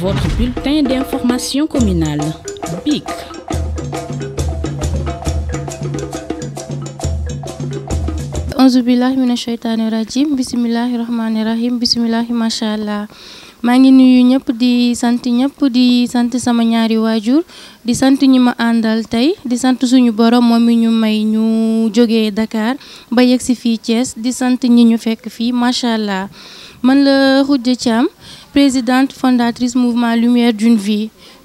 Votre bulletin d'information communale, BIC. Anzubillahi mina shaytani rajim, bismillahi rahmani rahim, bismillahi mashallah. maa ngi nuyu ñëpp di sant ñëpp di sant sama ñaari di sant ñi andal tay di sant suñu borom moom ñu may ñu Dakar ba yegg si fii Thiès di sant ñi ñu fekk fii macha allah man la présidente fondatrice Mouvement Lumière d'une vie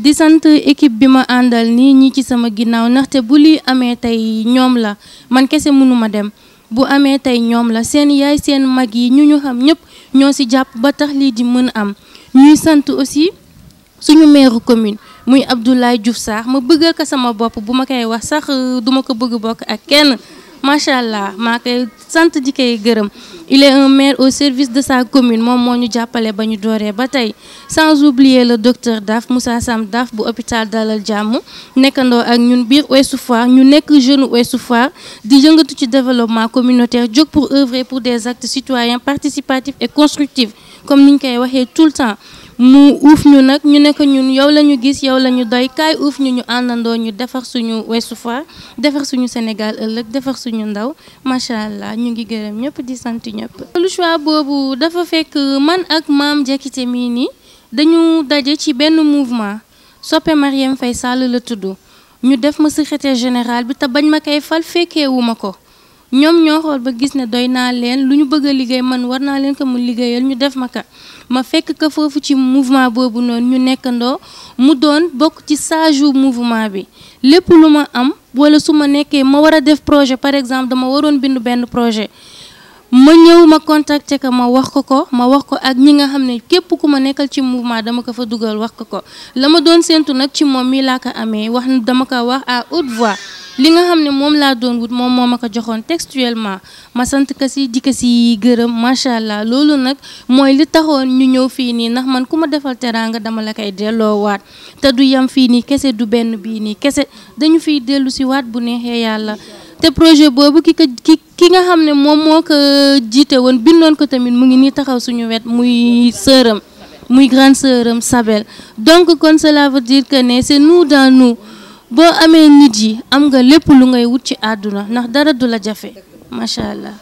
di sant équipe bi ma àndal nii ñii ci sama ginnaaw ndaxte bu lii amee tey ñoom la man kese mënuma dem bu amee tey ñoom la seen yaay seen mag yi ñu ñu xam ñëpp ñoo ci jàpp ba tax lii di mën am ñuy sant aussi suñu meeru commune muy Abdoulaye Diouf saax ma bëggal ko sama bopp bu ma koy wax sax duma ko bëgg bokk ak kenn Mashallah, allah il est un maire au service de sa commune mom moñu suis bañu ba ñu sans oublier le docteur Daf Moussa Sam Daf bu hôpital Dalal Jàmm Nous ak ñun biir un ñu nek jeune di ci développement communautaire pour œuvrer pour des actes citoyens participatifs et constructifs comme nous kay waxé tout le temps. mu uuf ñu nag ñu nekk ñun yow la ñu gis yow la ñu doy kaay uuf ñu ñu àndandoo ñu defar suñu Ouest Foire defar suñu Sénégal ëllëg defar suñu ndaw macha allah ñu ngi gërëm ñëpp di sant ñëpp. lu choix boobu dafa fekk man ak maam Diakité mii nii dañu daje ci benn mouvement soppe Marième fay Sall la tudd ñu def ma secretaire général bi te bañ ma koy fal fekkewuma ko. ñoom ñoo xool ba gis ne doy naa leen lu ñu bëgg a liggéey man war naa leen ko mu liggéeyal ñu def ma ka ma fekk ko foofu ci mouvement boobu noonu ñu nekkandoo mu doon bokk ci sage mouvement bi lépp lu ma am wala su ma nekkee ma war a def projet par exemple dama waroon bindu benn projet ma ñëw ma contacter ko ma wax ko ko ma wax ko ak ñi nga xam ne képp ku ma nekkal ci mouvement dama ko fa dugal wax ko ko la ma doon séntu nag ci moom mi laa ko amee wax dama ko wax à haute voix li nga xam ne moom laa doon wut moom moo ma ko joxoon textuellement ma sant ka si di ko si gërëm macha allah loolu nag mooy li taxoon ñu ñëw fii nii ndax man ku ma defal teraanga dama la koy delloo waat te du yem fii nii kese du benn bii nii kese dañu fiy dellu si waat bu neexee yàlla te projet boobu ki ko ki ki nga xam ne moom moo ko jiite woon bindoon ko tamit mu ngi nii taxaw suñu wet muy sëram muy grande sœuram Sabel donc kon cela veut dire que ne c'est nous dans nous boo amee nit yi am nga lépp lu ngay wut ci àdduna ndax dara du la jafe macha allah.